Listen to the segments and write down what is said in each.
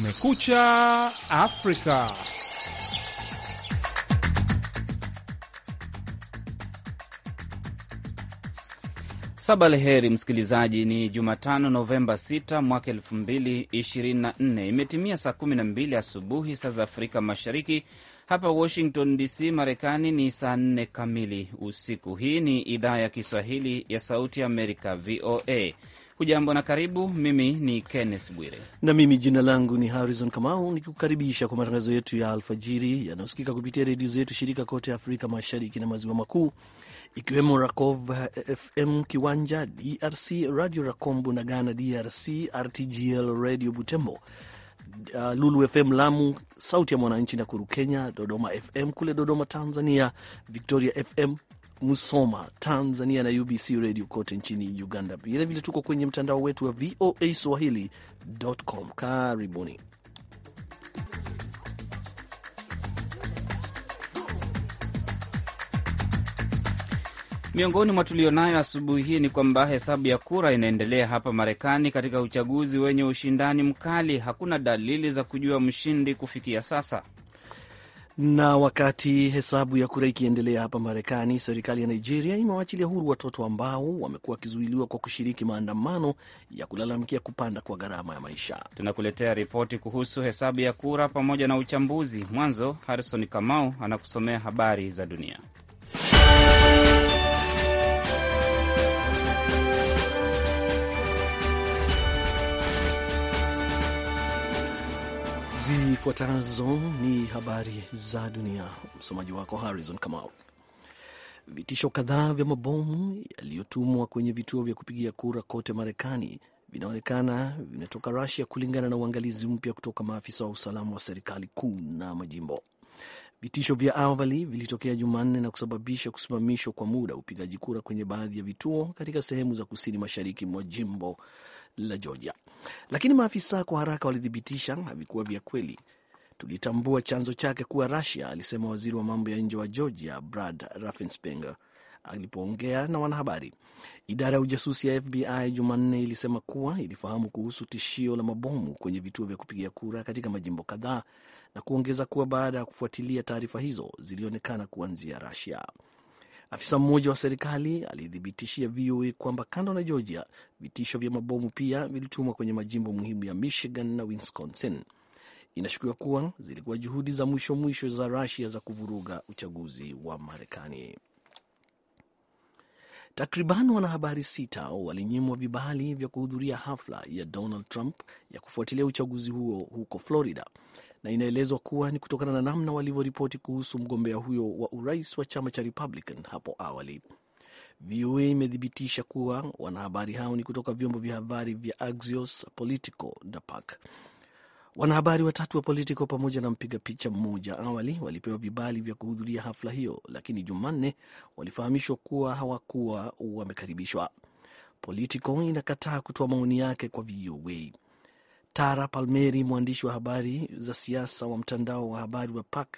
Kumekucha Afrika. Sabalheri msikilizaji, ni Jumatano, Novemba 6 mwaka 2024. Imetimia saa 12 asubuhi saa za Afrika Mashariki. Hapa Washington DC, Marekani ni saa 4 kamili usiku. Hii ni idhaa ya Kiswahili ya Sauti ya Amerika, VOA. Hujambo na karibu. Mimi ni Kenneth Bwire na mimi jina langu ni Harrison Kamau, nikikukaribisha kwa matangazo yetu ya alfajiri yanayosikika kupitia redio zetu shirika kote Afrika Mashariki na Maziwa Makuu, ikiwemo Rakov FM Kiwanja DRC, Radio Rakombu na Ghana DRC, RTGL Radio Butembo, uh, Lulu FM Lamu, Sauti ya Mwananchi na Kuru Kenya, Dodoma FM kule Dodoma Tanzania, Victoria FM Musoma Tanzania na UBC Radio kote nchini Uganda. Vilevile tuko kwenye mtandao wetu wa VOA Swahili.com. Karibuni. Miongoni mwa tulionayo asubuhi hii ni kwamba hesabu ya kura inaendelea hapa Marekani katika uchaguzi wenye ushindani mkali. Hakuna dalili za kujua mshindi kufikia sasa. Na wakati hesabu ya kura ikiendelea hapa Marekani, serikali ya Nigeria imewaachilia huru watoto ambao wamekuwa wakizuiliwa kwa kushiriki maandamano ya kulalamikia kupanda kwa gharama ya maisha. Tunakuletea ripoti kuhusu hesabu ya kura pamoja na uchambuzi. Mwanzo, Harrison Kamau anakusomea habari za dunia. Zifuatazo ni habari za dunia. Msomaji wako Harrison Kamau. Vitisho kadhaa vya mabomu yaliyotumwa kwenye vituo vya kupigia kura kote Marekani vinaonekana vimetoka Rusia, kulingana na uangalizi mpya kutoka maafisa wa usalama wa serikali kuu na majimbo. Vitisho vya awali vilitokea Jumanne na kusababisha kusimamishwa kwa muda upigaji kura kwenye baadhi ya vituo katika sehemu za kusini mashariki mwa jimbo la Georgia, lakini maafisa kwa haraka walithibitisha havikuwa vya kweli. Tulitambua chanzo chake kuwa Russia, alisema waziri wa mambo ya nje wa Georgia Brad Raffensperger alipoongea na wanahabari. Idara ya ujasusi ya FBI Jumanne ilisema kuwa ilifahamu kuhusu tishio la mabomu kwenye vituo vya kupigia kura katika majimbo kadhaa na kuongeza kuwa baada ya kufuatilia taarifa hizo zilionekana kuanzia Russia. Afisa mmoja wa serikali alithibitishia VOA kwamba kando na Georgia, vitisho vya mabomu pia vilitumwa kwenye majimbo muhimu ya Michigan na Wisconsin. Inashukiwa kuwa zilikuwa juhudi za mwisho mwisho za Rusia za kuvuruga uchaguzi wa Marekani. Takriban wanahabari sita walinyimwa vibali vya kuhudhuria hafla ya Donald Trump ya kufuatilia uchaguzi huo huko Florida na inaelezwa kuwa ni kutokana na namna walivyoripoti kuhusu mgombea huyo wa urais wa chama cha Republican hapo awali. VOA imethibitisha kuwa wanahabari hao ni kutoka vyombo vya habari vya Axios, Politico na Pak. Wanahabari watatu wa Politico pamoja na mpiga picha mmoja awali walipewa vibali vya kuhudhuria hafla hiyo, lakini Jumanne walifahamishwa kuwa hawakuwa wamekaribishwa. Politico inakataa kutoa maoni yake kwa VOA. Tara Palmeri, mwandishi wa habari za siasa wa mtandao wa habari wa PAC,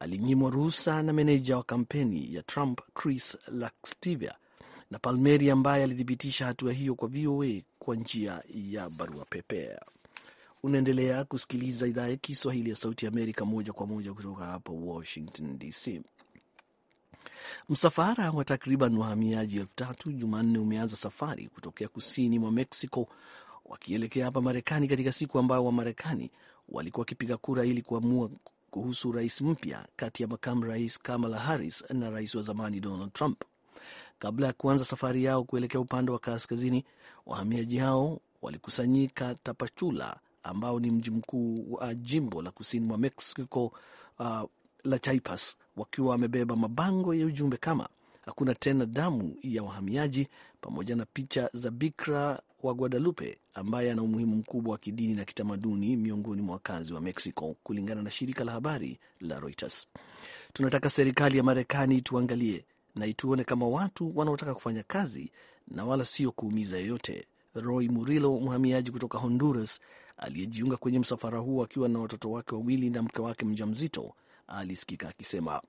alinyimwa ruhusa na meneja wa kampeni ya Trump Chris Laxtivia, na Palmeri ambaye alithibitisha hatua hiyo kwa VOA kwa njia ya barua pepe. Unaendelea kusikiliza idhaa ya Kiswahili ya Sauti ya Amerika moja kwa moja kutoka hapa Washington DC. Msafara wa takriban wahamiaji elfu tatu Jumanne umeanza safari kutokea kusini mwa Mexico wakielekea hapa Marekani katika siku ambayo Wamarekani walikuwa wakipiga kura ili kuamua kuhusu rais mpya kati ya makamu rais Kamala Harris na rais wa zamani Donald Trump. Kabla ya kuanza safari yao kuelekea upande wa kaskazini, wahamiaji hao walikusanyika Tapachula, ambao ni mji mkuu wa jimbo la kusini mwa Mexico uh, la Chiapas, wakiwa wamebeba mabango ya ujumbe kama hakuna tena damu ya wahamiaji, pamoja na picha za bikra wa Guadalupe ambaye ana umuhimu mkubwa wa kidini na kitamaduni miongoni mwa wakazi wa Mexico, kulingana na shirika la habari la Reuters. Tunataka serikali ya Marekani ituangalie na ituone kama watu wanaotaka kufanya kazi na wala sio kuumiza yoyote. Roy murilo mhamiaji kutoka Honduras aliyejiunga kwenye msafara huo akiwa na watoto wake wawili na mke wake mjamzito, alisikika akisema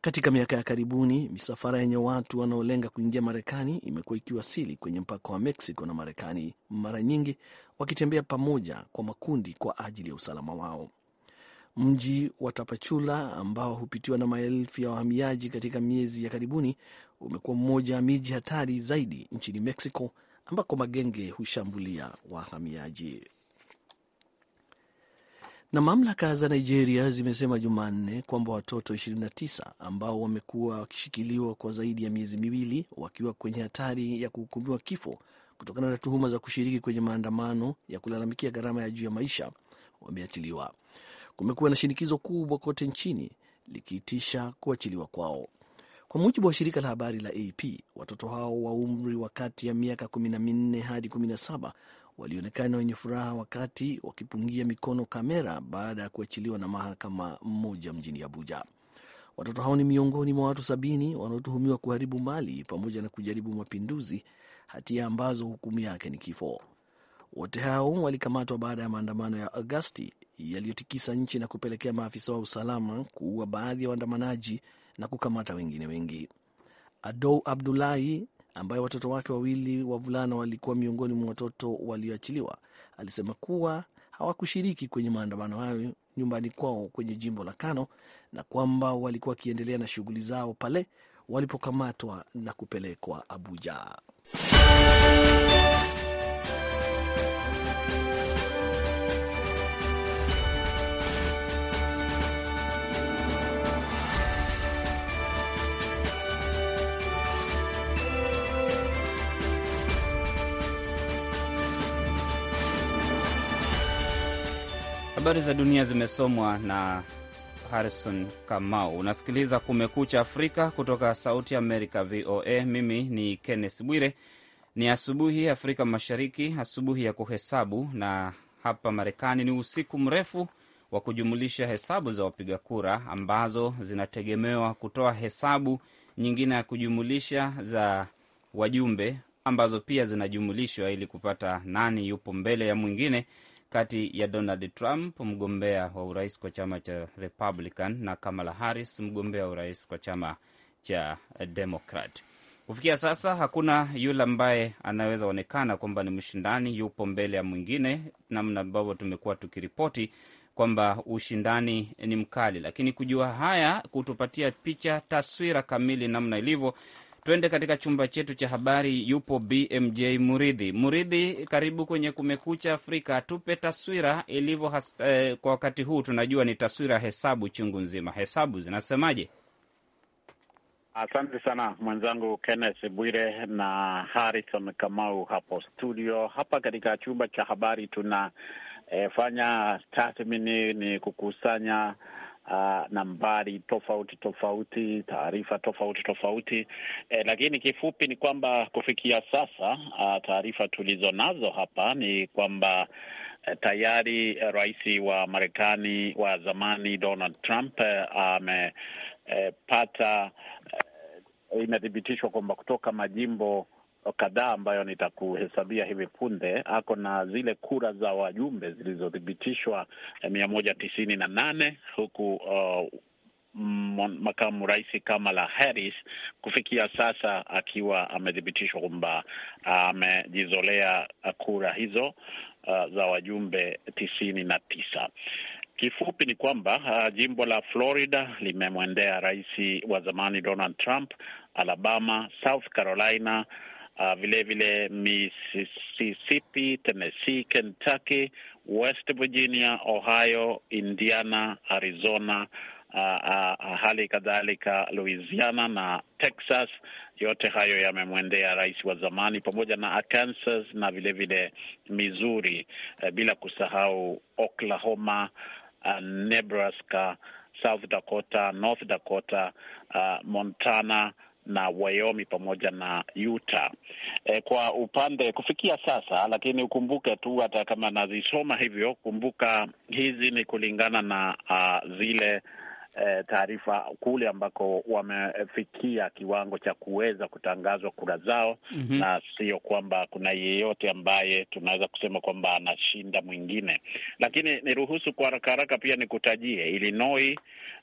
katika miaka ya karibuni misafara yenye watu wanaolenga kuingia Marekani imekuwa ikiwasili kwenye mpaka wa Mexico na Marekani, mara nyingi wakitembea pamoja kwa makundi kwa ajili ya usalama wao. Mji wa Tapachula ambao hupitiwa na maelfu ya wahamiaji katika miezi ya karibuni umekuwa mmoja wa miji hatari zaidi nchini Mexico, ambako magenge hushambulia wahamiaji. Na mamlaka za Nigeria zimesema Jumanne kwamba watoto 29 ambao wamekuwa wakishikiliwa kwa zaidi ya miezi miwili wakiwa kwenye hatari ya kuhukumiwa kifo kutokana na tuhuma za kushiriki kwenye maandamano ya kulalamikia gharama ya juu ya maisha wameachiliwa. Kumekuwa na shinikizo kubwa kote nchini likiitisha kuachiliwa kwao. Kwa mujibu wa shirika la habari la AP, watoto hao wa umri wa kati ya miaka kumi na minne hadi kumi walionekana wenye furaha wakati wakipungia mikono kamera baada ya kuachiliwa na mahakama mmoja mjini Abuja. Watoto hao ni miongoni mwa watu sabini wanaotuhumiwa kuharibu mali pamoja na kujaribu mapinduzi, hatia ambazo hukumu yake ni kifo. Wote hao walikamatwa baada ya maandamano ya Agasti yaliyotikisa nchi na kupelekea maafisa wa usalama kuua baadhi ya waandamanaji na kukamata wengine wengi. Adou Abdulahi ambaye watoto wake wawili wavulana walikuwa miongoni mwa watoto walioachiliwa, alisema kuwa hawakushiriki kwenye maandamano hayo nyumbani kwao kwenye jimbo la Kano na kwamba walikuwa wakiendelea na shughuli zao pale walipokamatwa na kupelekwa Abuja. Habari za dunia zimesomwa na Harrison Kamau. Unasikiliza Kumekucha Afrika kutoka Sauti Amerika, VOA. Mimi ni Kenneth Bwire. Ni asubuhi Afrika Mashariki, asubuhi ya kuhesabu, na hapa Marekani ni usiku mrefu wa kujumulisha hesabu za wapiga kura ambazo zinategemewa kutoa hesabu nyingine ya kujumulisha za wajumbe ambazo pia zinajumulishwa ili kupata nani yupo mbele ya mwingine kati ya Donald Trump, mgombea wa urais kwa chama cha Republican, na Kamala Harris, mgombea wa urais kwa chama cha Democrat. Kufikia sasa hakuna yule ambaye anaweza onekana kwamba ni mshindani yupo mbele ya mwingine, namna ambavyo tumekuwa tukiripoti kwamba ushindani ni mkali, lakini kujua haya kutupatia picha taswira kamili namna ilivyo Twende katika chumba chetu cha habari, yupo BMJ Muridhi. Muridhi, karibu kwenye Kumekucha Afrika. Tupe taswira ilivyo eh, kwa wakati huu tunajua ni taswira hesabu chungu nzima, hesabu zinasemaje? Asante sana mwenzangu Kenneth Bwire na Harrison Kamau hapo studio. Hapa katika chumba cha habari tunafanya eh, tathmini, ni kukusanya uh, nambari tofauti tofauti, taarifa tofauti tofauti eh, lakini kifupi ni kwamba kufikia sasa uh, taarifa nazo hapa ni kwamba eh, tayari eh, rais wa Marekani wa zamani Donald Trump eh, amepata, imethibitishwa kwamba kutoka majimbo kadhaa ambayo nitakuhesabia hivi punde, ako na zile kura za wajumbe zilizothibitishwa eh, mia moja tisini na nane huku uh, makamu rais Kamala Harris kufikia sasa akiwa amethibitishwa kwamba amejizolea kura hizo uh, za wajumbe tisini na tisa. Kifupi ni kwamba uh, jimbo la Florida limemwendea rais wa zamani Donald Trump, Alabama, South Carolina uh, ah, vilevile Mississippi, Tennessee, Kentucky, West Virginia, Ohio, Indiana, Arizona, uh, uh, hali kadhalika Louisiana na Texas. Yote hayo yamemwendea rais wa zamani pamoja na Arkansas na vilevile vile Missouri, uh, bila kusahau Oklahoma, uh, Nebraska, South Dakota, North Dakota, uh, Montana na Wyoming pamoja na Utah e, kwa upande kufikia sasa. Lakini ukumbuke tu hata kama nazisoma hivyo, kumbuka hizi ni kulingana na uh, zile Eh, taarifa kule ambako wamefikia kiwango cha kuweza kutangazwa kura zao mm -hmm. na sio kwamba kuna yeyote ambaye tunaweza kusema kwamba anashinda mwingine, lakini niruhusu kwa haraka haraka pia nikutajie Illinois,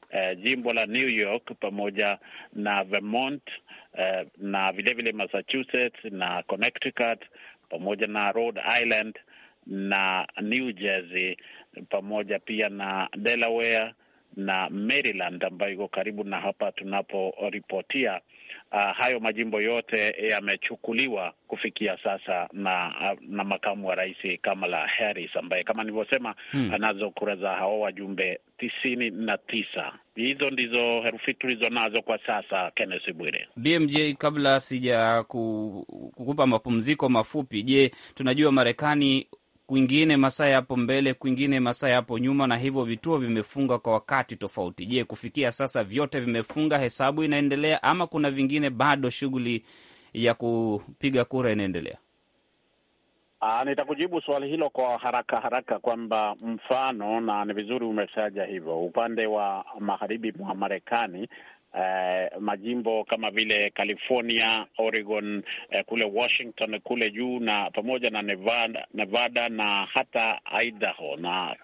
eh, jimbo la New York pamoja na Vermont eh, na vilevile Massachusetts na Connecticut pamoja na Rhode Island na New Jersey pamoja pia na Delaware na Maryland ambayo iko karibu na hapa tunaporipotia. Uh, hayo majimbo yote yamechukuliwa kufikia sasa na na makamu wa rais Kamala Harris ambaye kama nilivyosema, hmm, anazo kura za hao wajumbe tisini na tisa. Hizo ndizo herufi tulizo nazo kwa sasa. Kenneth Bwire, BMJ, kabla sija kukupa mapumziko mafupi, je, tunajua Marekani kwingine masaa yapo mbele, kwingine masaa yapo nyuma, na hivyo vituo vimefunga kwa wakati tofauti. Je, kufikia sasa vyote vimefunga, hesabu inaendelea ama kuna vingine bado shughuli ya kupiga kura inaendelea? Aa, ah, nitakujibu swali hilo kwa haraka haraka kwamba mfano, na ni vizuri umetaja hivyo, upande wa magharibi mwa Marekani uh, majimbo kama vile California, Oregon, uh, kule Washington kule juu na pamoja na Nevada, Nevada na hata Idaho na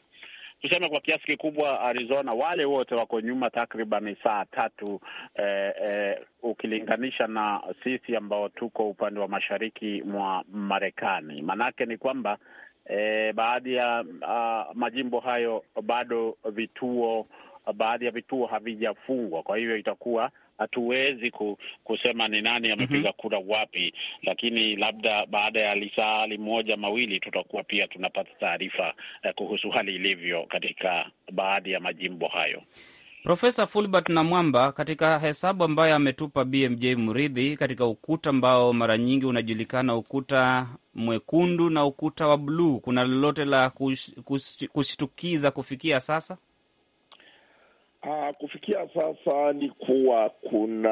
tuseme kwa kiasi kikubwa Arizona, wale wote wako nyuma takriban saa tatu eh, eh, ukilinganisha na sisi ambao tuko upande wa mashariki mwa Marekani. Maanake ni kwamba eh, baadhi ya uh, majimbo hayo bado vituo baadhi ya vituo havijafungwa, kwa hivyo itakuwa hatuwezi kusema ni nani mhm. amepiga mm -hmm. kura wapi, lakini labda baada ya lisaali moja mawili tutakuwa pia tunapata taarifa eh, kuhusu hali ilivyo katika baadhi ya majimbo hayo. Profesa Fulbert na Mwamba, katika hesabu ambayo ametupa BMJ mridhi katika ukuta ambao mara nyingi unajulikana ukuta mwekundu na ukuta wa bluu, kuna lolote la kush, kush, kushtukiza kufikia sasa? Uh, kufikia sasa ni kuwa kuna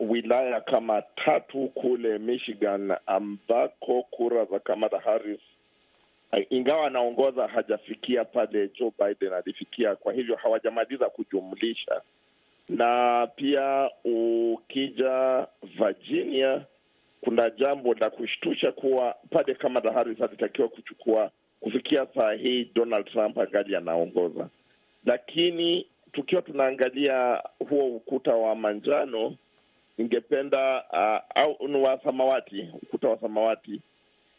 wilaya kama tatu kule Michigan ambako kura za Kamala Harris ah, ingawa anaongoza hajafikia pale Joe Biden alifikia. Kwa hivyo hawajamaliza kujumlisha, na pia ukija Virginia, kuna jambo la kushtusha kuwa pale Kamala Harris alitakiwa kuchukua, kufikia saa hii Donald Trump angali anaongoza lakini tukiwa tunaangalia huo ukuta wa manjano, ningependa uh, au ni wa samawati, ukuta wa samawati,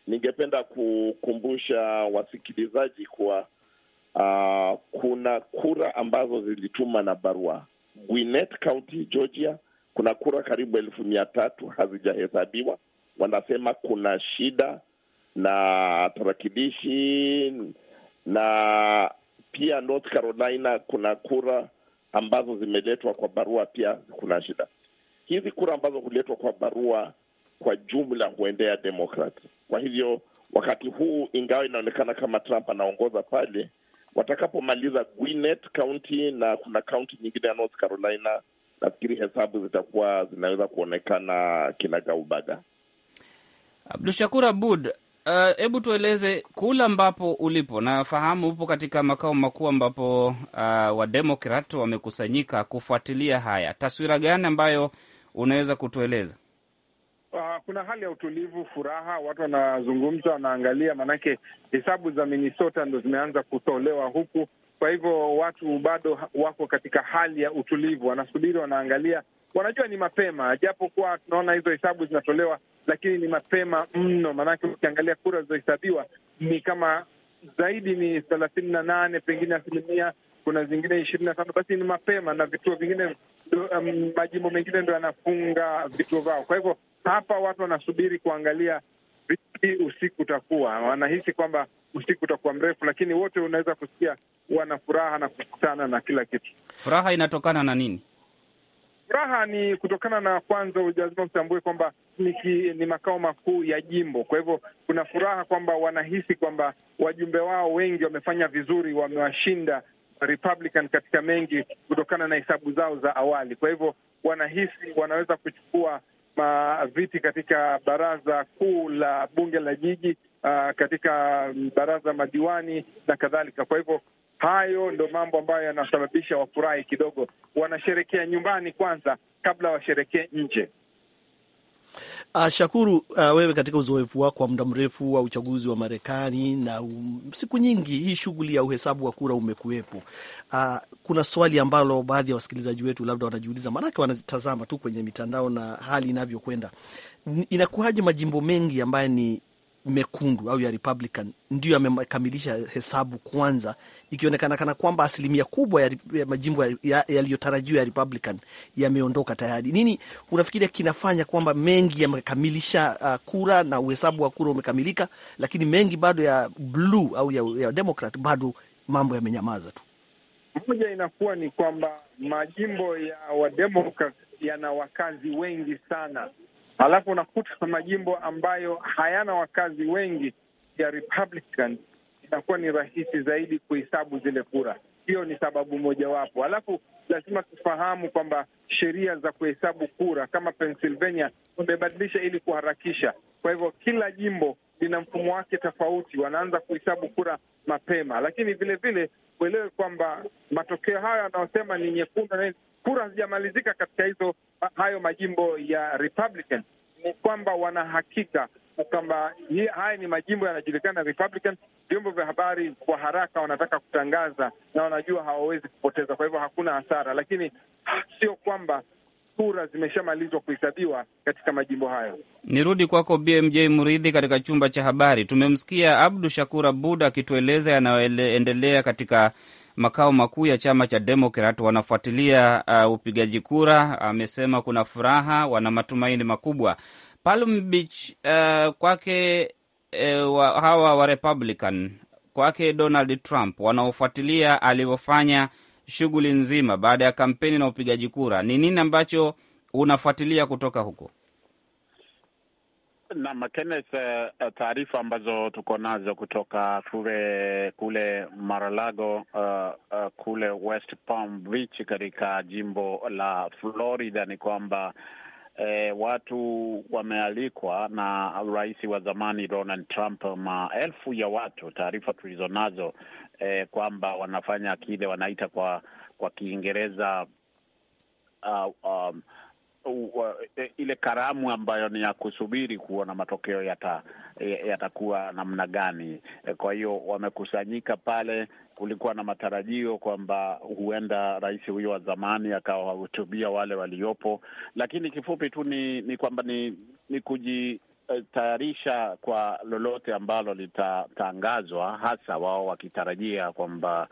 ningependa kukumbusha wasikilizaji kuwa Uh, kuna kura ambazo zilituma na barua Gwinnett County, Georgia. Kuna kura karibu elfu mia tatu hazijahesabiwa. Wanasema kuna shida na tarakilishi na pia North Carolina kuna kura ambazo zimeletwa kwa barua, pia kuna shida. Hizi kura ambazo huletwa kwa barua kwa jumla huendea Demokrat. Kwa hivyo wakati huu, ingawa inaonekana kama Trump anaongoza pale, watakapomaliza Gwinnett County na kuna kaunti nyingine ya North Carolina, nafikiri hesabu zitakuwa zinaweza kuonekana kinagaubaga. Shakur Abud, Eh, hebu uh, tueleze kula ambapo ulipo. Nafahamu upo katika makao makuu ambapo uh, eh, wademokrat wamekusanyika kufuatilia haya. Taswira gani ambayo unaweza kutueleza? Uh, kuna hali ya utulivu, furaha, watu wanazungumza, wanaangalia, maanake hesabu za Minnesota ndo zimeanza kutolewa huku. Kwa hivyo watu bado wako katika hali ya utulivu, wanasubiri, wanaangalia wanajua ni mapema, japo kuwa tunaona hizo hesabu zinatolewa, lakini ni mapema mno, maanake ukiangalia kura zilizohesabiwa ni kama zaidi ni thelathini na nane pengine asilimia kuna zingine ishirini na tano. Basi ni mapema na vituo vingine, um, majimbo mengine ndo yanafunga vituo vyao. Kwa hivyo hapa watu wanasubiri kuangalia vipi usiku utakuwa, wanahisi kwamba usiku utakuwa mrefu, lakini wote unaweza kusikia wana furaha na kukutana na kila kitu. Furaha inatokana na nini? Furaha ni kutokana na kwanza, lazima utambue kwamba ni, ni makao makuu ya jimbo. Kwa hivyo kuna furaha kwamba wanahisi kwamba wajumbe wao wengi wamefanya vizuri, wamewashinda Republican katika mengi kutokana na hesabu zao za awali. Kwa hivyo wanahisi wanaweza kuchukua viti katika baraza kuu la bunge la jiji, uh, katika mm, baraza madiwani na kadhalika. Kwa hivyo Hayo ndo mambo ambayo yanasababisha wafurahi kidogo, wanasherekea nyumbani kwanza kabla washerekee nje. Uh, Shakuru, uh, wewe katika uzoefu wako wa muda mrefu wa uchaguzi wa Marekani na um, siku nyingi hii shughuli ya uhesabu wa kura umekuwepo. Uh, kuna swali ambalo baadhi ya wasikilizaji wetu labda wanajiuliza, maanake wanatazama tu kwenye mitandao na hali inavyokwenda, inakuwaje majimbo mengi ambayo ni mekundu au ya Republican ndiyo yamekamilisha hesabu kwanza, ikionekana kana kwamba asilimia kubwa ya, ya majimbo yaliyotarajiwa ya, ya Republican yameondoka tayari. Nini unafikiria kinafanya kwamba mengi yamekamilisha uh, kura na uhesabu wa kura umekamilika, lakini mengi bado ya blue au ya, ya Democrat bado mambo yamenyamaza tu? Moja inakuwa ni kwamba majimbo ya Wademokrat yana wakazi wengi sana alafu unakuta majimbo ambayo hayana wakazi wengi ya Republican, inakuwa ni rahisi zaidi kuhesabu zile kura. Hiyo ni sababu mojawapo. Alafu lazima tufahamu kwamba sheria za kuhesabu kura kama Pennsylvania wamebadilisha ili kuharakisha. Kwa hivyo kila jimbo lina mfumo wake tofauti, wanaanza kuhesabu kura mapema. Lakini vilevile uelewe kwamba matokeo hayo yanayosema ni nyekundu, kura hazijamalizika katika hizo hayo majimbo ya Republican, ni kwamba wanahakika kwamba haya ni majimbo yanajulikana Republican. Vyombo vya habari kwa haraka wanataka kutangaza na wanajua hawawezi kupoteza, kwa hivyo hakuna hasara, lakini sio kwamba kura zimeshamalizwa kuhesabiwa katika majimbo hayo. Nirudi kwako BMJ Mridhi katika chumba cha habari. Tumemsikia Abdu Shakur Abud akitueleza yanayoendelea katika makao makuu ya chama cha Demokrat. Wanafuatilia uh, upigaji kura. Amesema kuna furaha, wana matumaini makubwa. Palm Beach uh, kwake uh, wa, hawa wa Republican kwake Donald Trump wanaofuatilia alivyofanya shughuli nzima baada ya kampeni na upigaji kura. Ni nini ambacho unafuatilia kutoka huko? Naam, Kenneth, eh, eh, taarifa ambazo tuko nazo kutoka kule kule Maralago uh, uh, kule West Palm Beach katika jimbo la Florida ni kwamba eh, watu wamealikwa na rais wa zamani Donald Trump, maelfu ya watu, taarifa tulizo nazo eh, kwamba wanafanya kile wanaita kwa kwa Kiingereza uh, um, eh, ile karamu ambayo ni ya kusubiri kuona matokeo eh, yatakuwa namna gani. Eh, kwa hiyo wamekusanyika pale, kulikuwa na matarajio kwamba huenda rais huyo wa zamani akawahutubia wale waliopo, lakini kifupi tu ni, ni kwamba ni, ni kuji kujitayarisha kwa lolote ambalo litatangazwa, hasa wao wakitarajia kwamba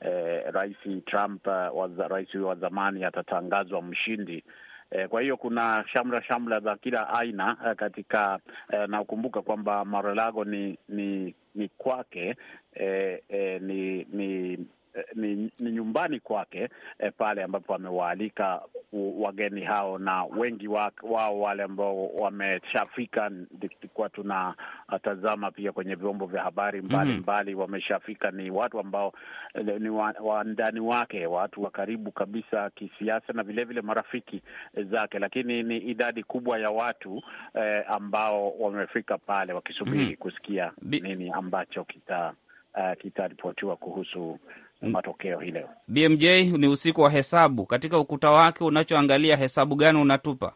eh, rais Trump eh, waza, rais huyo wa zamani atatangazwa mshindi. Eh, kwa hiyo kuna shamra shamra za kila aina eh, katika eh, na ukumbuka kwamba Marelago ni ni ni kwake eh, eh, ni, ni Eh, ni, ni nyumbani kwake eh, pale ambapo amewaalika wageni hao na wengi wa, wao wale ambao wameshafika, tulikuwa tunatazama pia kwenye vyombo vya habari mhm. mbalimbali mm -hmm. Wameshafika ni watu ambao eh, ni wandani wa wake, watu wa karibu kabisa kisiasa na vilevile vile marafiki zake, lakini ni idadi kubwa ya watu eh, ambao wamefika pale wakisubiri mm -hmm. kusikia nini ambacho kita uh, kitaripotiwa kuhusu Mm. matokeo hii leo. BMJ ni usiku wa hesabu, katika ukuta wake unachoangalia hesabu gani unatupa?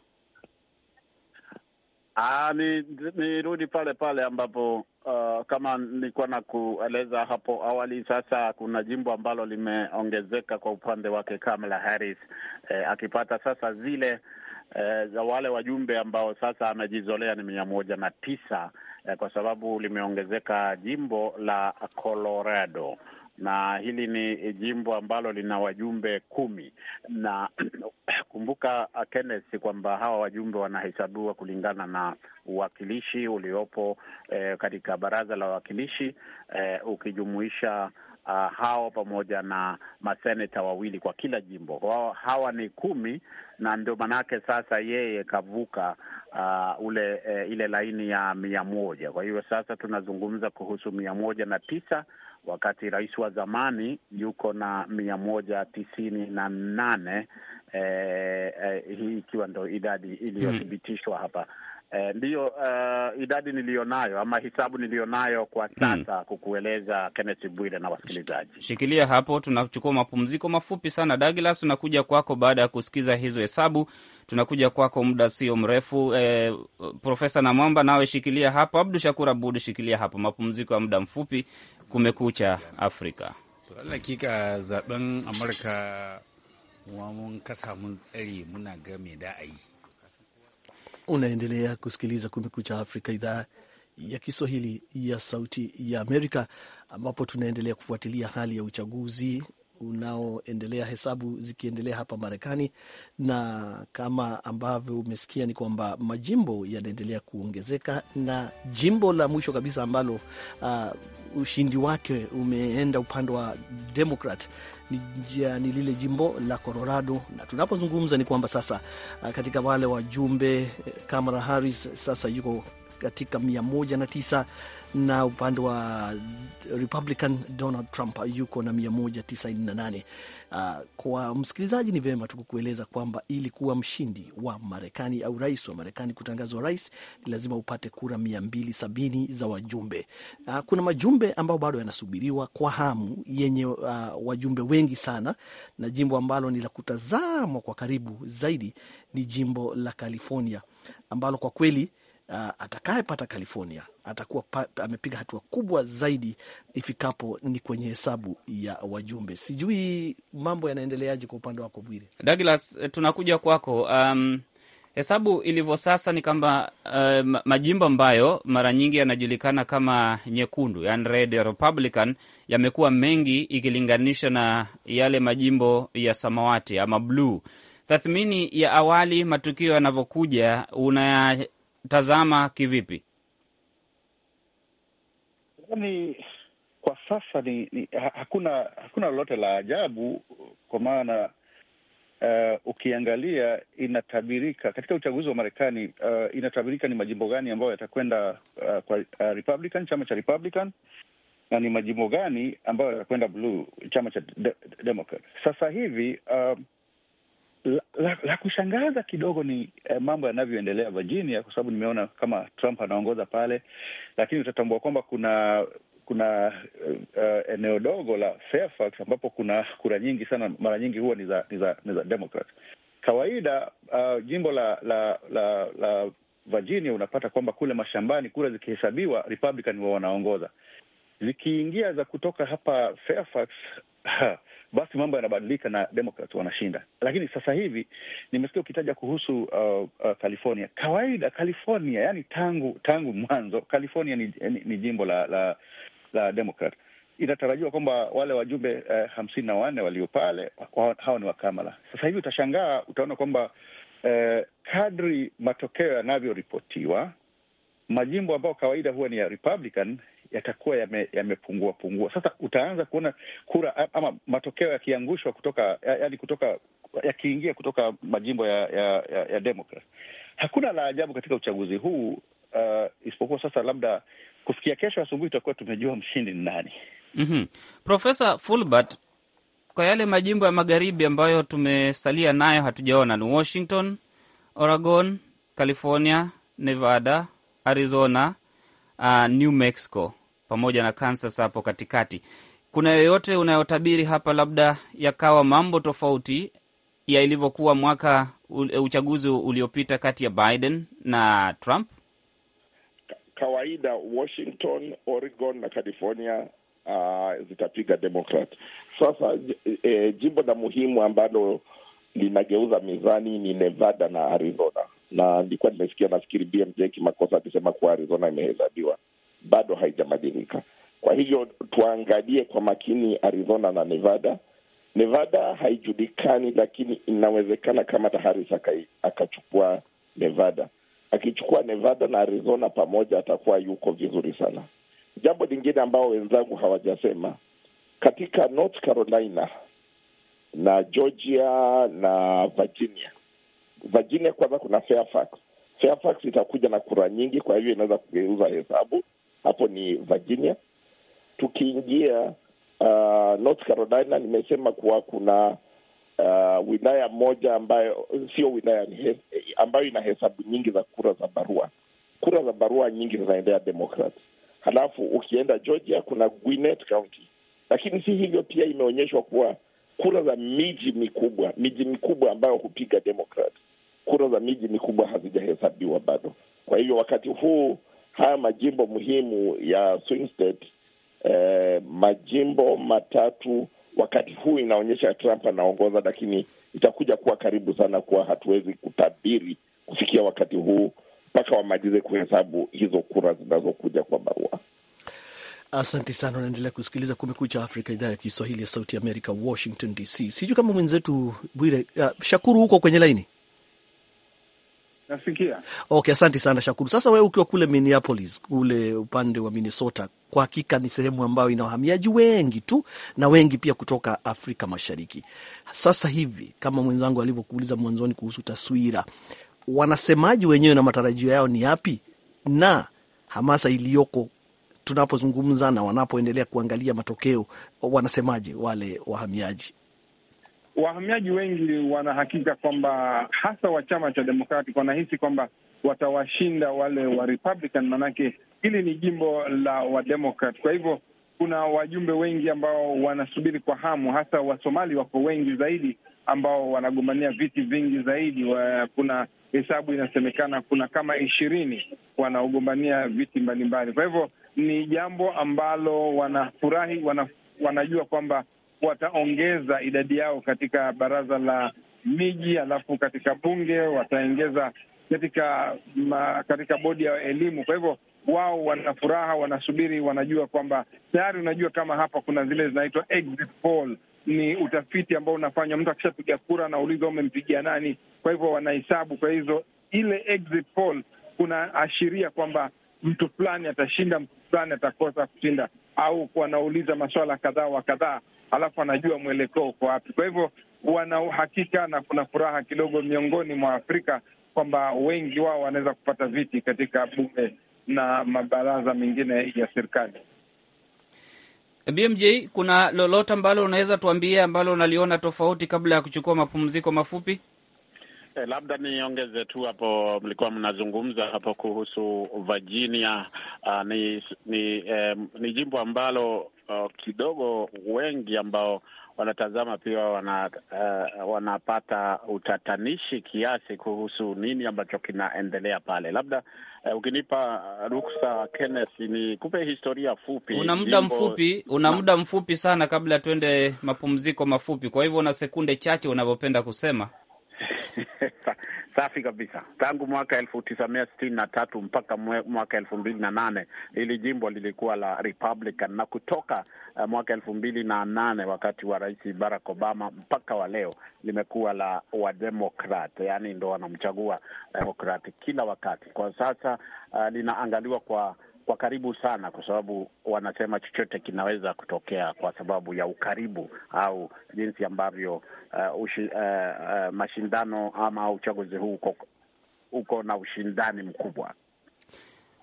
Aa, ah, ni nirudi pale pale ambapo uh, kama nilikuwa na kueleza hapo awali. Sasa kuna jimbo ambalo limeongezeka kwa upande wake Kamala Harris eh, akipata sasa zile eh, za wale wajumbe ambao sasa amejizolea ni mia moja na tisa eh, kwa sababu limeongezeka jimbo la Colorado na hili ni jimbo ambalo lina wajumbe kumi na kumbuka, uh, Kenneth, kwamba hawa wajumbe wanahesabiwa kulingana na uwakilishi uliopo e, katika baraza la wawakilishi e, ukijumuisha Uh, hao pamoja na maseneta wawili kwa kila jimbo. Hawa, hawa ni kumi na ndio maanake sasa yeye kavuka uh, ule uh, ile laini ya mia moja. Kwa hiyo sasa tunazungumza kuhusu mia moja na tisa wakati rais wa zamani yuko na mia moja tisini na nane. Eh, eh, hii ikiwa ndo idadi iliyothibitishwa hapa Eh, Ndiyo uh, eh, idadi niliyonayo ama hisabu niliyonayo kwa hmm. sasa hmm, kukueleza Kenneth Bwire na wasikilizaji. Shikilia hapo, tunachukua mapumziko mafupi sana. Douglas, tunakuja kwako baada ya kusikiza hizo hesabu, tunakuja kwako muda sio mrefu. Eh, Profesa Namwamba, nawe shikilia hapo. Abdu Shakur Abud, shikilia hapo, mapumziko ya muda mfupi. Kumekucha Afrika. Hakika zaben Amurka wa mun kasa mun tsare muna ga me da'ayi Unaendelea kusikiliza Kumekucha Afrika, idhaa ya Kiswahili ya Sauti ya Amerika, ambapo tunaendelea kufuatilia hali ya uchaguzi unaoendelea, hesabu zikiendelea hapa Marekani, na kama ambavyo umesikia ni kwamba majimbo yanaendelea kuongezeka, na jimbo la mwisho kabisa ambalo uh, ushindi wake umeenda upande wa Demokrat ni, ni lile jimbo la Colorado, na tunapozungumza ni kwamba sasa uh, katika wale wajumbe eh, Kamala Harris sasa yuko katika mia moja na tisa na upande wa Republican Donald Trump yuko na 198. Uh, ah, kwa msikilizaji ni vyema tukukueleza kwamba ili kuwa mshindi wa Marekani au rais wa Marekani kutangazwa rais ni lazima upate kura 270 za wajumbe. Uh, kuna majumbe ambayo bado yanasubiriwa kwa hamu yenye uh, wajumbe wengi sana, na jimbo ambalo ni la kutazamwa kwa karibu zaidi ni jimbo la California ambalo kwa kweli uh, atakayepata California atakuwa amepiga hatua kubwa zaidi ifikapo ni kwenye hesabu ya wajumbe. Sijui mambo yanaendeleaje kwa upande wako Bwire. Douglas, eh, tunakuja kwako. um, hesabu ilivyo sasa ni kwamba uh, majimbo ambayo mara nyingi yanajulikana kama nyekundu, yani red Republican, yamekuwa mengi ikilinganisha na yale majimbo ya samawati ama bluu. Tathmini ya awali matukio yanavyokuja, una unatazama kivipi? Ni yaani, kwa sasa ni, ni hakuna hakuna lolote la ajabu kwa maana uh, ukiangalia inatabirika katika uchaguzi wa Marekani uh, inatabirika ni majimbo gani ambayo yatakwenda uh, kwa uh, Republican, chama cha Republican na ni majimbo gani ambayo yatakwenda bluu, chama cha de Democrat. Sasa hivi uh, la, la kushangaza kidogo ni eh, mambo yanavyoendelea Virginia, kwa sababu nimeona kama Trump anaongoza pale, lakini utatambua kwamba kuna kuna uh, eneo dogo la Fairfax ambapo kuna kura nyingi sana, mara nyingi huwa ni za ni za ni za Democrat. Kawaida uh, jimbo la la la la Virginia unapata kwamba kule mashambani kura zikihesabiwa Republican huwa wanaongoza, zikiingia za kutoka hapa Fairfax basi mambo yanabadilika na Democrats wanashinda. Lakini sasa hivi nimesikia ukitaja kuhusu uh, uh, California. Kawaida California, yani tangu tangu mwanzo California ni, ni, ni jimbo la la, la Democrat. Inatarajiwa kwamba wale wajumbe uh, hamsini na wanne walio pale hawa ni wakamala. Sasa hivi utashangaa, utaona kwamba uh, kadri matokeo yanavyoripotiwa majimbo ambayo kawaida huwa ni ya Republican yatakuwa yamepungua yame pungua. Sasa utaanza kuona kura ama matokeo yakiangushwa kutoka yaani kutoka yakiingia kutoka majimbo ya ya, ya, ya Democrat. Hakuna la ajabu katika uchaguzi huu uh, isipokuwa sasa labda kufikia kesho asubuhi tutakuwa tumejua mshindi ni nani. mm -hmm. Profesa Fulbert, kwa yale majimbo ya magharibi ambayo tumesalia nayo hatujaona ni Washington, Oregon, California, Nevada Arizona, uh, New Mexico pamoja na Kansas hapo katikati. Kuna yoyote unayotabiri hapa labda yakawa mambo tofauti ya ilivyokuwa mwaka e, uchaguzi uliopita kati ya Biden na Trump? Kawaida Washington, Oregon na California uh, zitapiga Democrat. Sasa e, e, jimbo la muhimu ambalo linageuza mizani ni Nevada na Arizona na nilikuwa nimesikia nafikiri BMJ kimakosa akisema kuwa Arizona imehesabiwa, bado haijabadilika. Kwa hivyo tuangalie kwa makini Arizona na Nevada. Nevada haijulikani, lakini inawezekana kama Harris akachukua Nevada. Akichukua Nevada na Arizona pamoja, atakuwa yuko vizuri sana. Jambo lingine ambao wenzangu hawajasema katika North Carolina na Georgia na Virginia Virginia kwanza kuna Fairfax. Fairfax itakuja na kura nyingi, kwa hivyo inaweza kugeuza hesabu. Hapo ni Virginia. Tukiingia uh, North Carolina, nimesema kuwa kuna uh, wilaya moja ambayo sio wilaya ni ambayo ina hesabu nyingi za kura za barua. Kura za barua nyingi zinaendea Democrat. Halafu ukienda Georgia kuna Gwinnett County, lakini si hivyo pia, imeonyeshwa kuwa kura za miji mikubwa, miji mikubwa ambayo hupiga Democrat kura za miji mikubwa hazijahesabiwa bado. Kwa hivyo wakati huu haya majimbo muhimu ya swing state, eh, majimbo matatu wakati huu inaonyesha Trump anaongoza, lakini itakuja kuwa karibu sana, kuwa hatuwezi kutabiri kufikia wakati huu mpaka wamalize kuhesabu hizo kura zinazokuja kwa barua. Asante sana, unaendelea kusikiliza Kumekucha Afrika, idhaa ya Kiswahili ya Sauti ya Amerika, Washington DC. Sijui kama mwenzetu Bwire uh, Shakuru huko kwenye laini Nasikia. Okay, asante sana Shakuru. Sasa wewe ukiwa kule Minneapolis, kule upande wa Minnesota, kwa hakika ni sehemu ambayo ina wahamiaji wengi tu na wengi pia kutoka Afrika Mashariki. Sasa hivi kama mwenzangu alivyokuuliza mwanzoni kuhusu taswira, wanasemaji wenyewe na matarajio yao ni yapi, na hamasa iliyoko tunapozungumza na wanapoendelea kuangalia matokeo, wanasemaje wale wahamiaji? wahamiaji wengi wanahakika kwamba hasa wa chama cha demokrati wanahisi kwamba watawashinda wale wa Republican, manake hili ni jimbo la Wademokrat. Kwa hivyo kuna wajumbe wengi ambao wanasubiri kwa hamu, hasa Wasomali wako wengi zaidi ambao wanagombania viti vingi zaidi wa, kuna hesabu inasemekana kuna kama ishirini wanaogombania viti mbalimbali. Kwa hivyo ni jambo ambalo wanafurahi, wana, wanajua kwamba wataongeza idadi yao katika baraza la miji, alafu katika bunge wataongeza katika ma, katika bodi ya elimu. Kwa hivyo wao wana furaha, wanasubiri, wanajua kwamba tayari, unajua kama hapa kuna zile zinaitwa exit poll, ni utafiti ambao unafanywa, mtu akishapiga kura anauliza umempigia nani. Kwa hivyo wanahesabu kwa hizo ile exit poll, kuna ashiria kwamba mtu fulani atashinda, mtu fulani atakosa kushinda, au wanauliza maswala kadhaa wa kadhaa alafu anajua mwelekeo uko wapi. Kwa hivyo wana uhakika na kuna furaha kidogo miongoni mwa Afrika kwamba wengi wao wanaweza kupata viti katika bunge na mabaraza mengine ya serikali. BMJ, kuna lolote ambalo unaweza tuambia ambalo unaliona tofauti kabla ya kuchukua mapumziko mafupi? E, labda niongeze tu hapo, mlikuwa mnazungumza hapo kuhusu Virginia. Uh, ni ni, eh, ni jimbo ambalo uh, kidogo wengi ambao wanatazama pia wana, uh, wanapata utatanishi kiasi kuhusu nini ambacho kinaendelea pale. Labda uh, ukinipa ruksa Kenneth, kupe historia fupi. Una muda mfupi, una muda mfupi sana kabla tuende mapumziko mafupi, kwa hivyo una sekunde chache unavyopenda kusema. Safi kabisa. Tangu mwaka elfu tisa mia sitini na tatu mpaka mwaka elfu mbili na nane hili jimbo lilikuwa la Republican, na kutoka uh, mwaka elfu mbili na nane wakati wa Rais Barack Obama mpaka wa leo limekuwa la Wademokrat, yaani ndo wanamchagua Demokrat kila wakati. Kwa sasa uh, linaangaliwa kwa kwa karibu sana, kwa sababu wanasema chochote kinaweza kutokea kwa sababu ya ukaribu au jinsi ambavyo uh, ushi, uh, uh, mashindano ama uchaguzi huu uko, uko na ushindani mkubwa.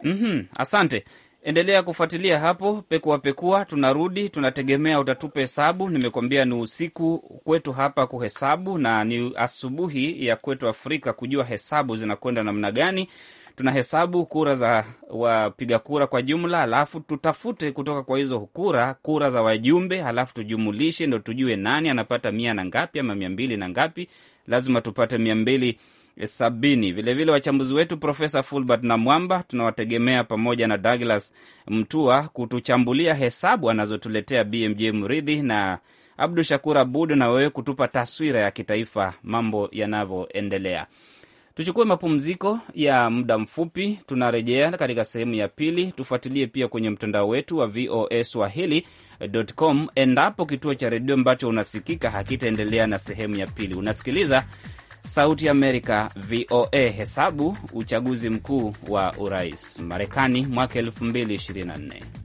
mm -hmm, asante. Endelea kufuatilia hapo, pekua pekua, tunarudi, tunategemea utatupe hesabu. Nimekuambia ni usiku kwetu hapa kuhesabu na ni asubuhi ya kwetu Afrika kujua hesabu zinakwenda namna gani tunahesabu kura za wapiga kura kwa jumla, halafu tutafute kutoka kwa hizo kura kura za wajumbe, halafu tujumulishe, ndo tujue nani anapata mia na ngapi ama mia mbili na ngapi. Lazima tupate mia mbili sabini. Vilevile wachambuzi wetu Profesa Fulbert na Mwamba tunawategemea pamoja na Douglas Mtua kutuchambulia hesabu anazotuletea BMJ Mridhi na Abdu Shakur Abud na wewe kutupa taswira ya kitaifa mambo yanavyoendelea. Tuchukue mapumziko ya muda mfupi, tunarejea katika sehemu ya pili. Tufuatilie pia kwenye mtandao wetu wa VOA Swahili.com. Endapo kituo cha redio ambacho unasikika hakitaendelea na sehemu ya pili, unasikiliza Sauti Amerika VOA. Hesabu uchaguzi mkuu wa urais Marekani mwaka 2024.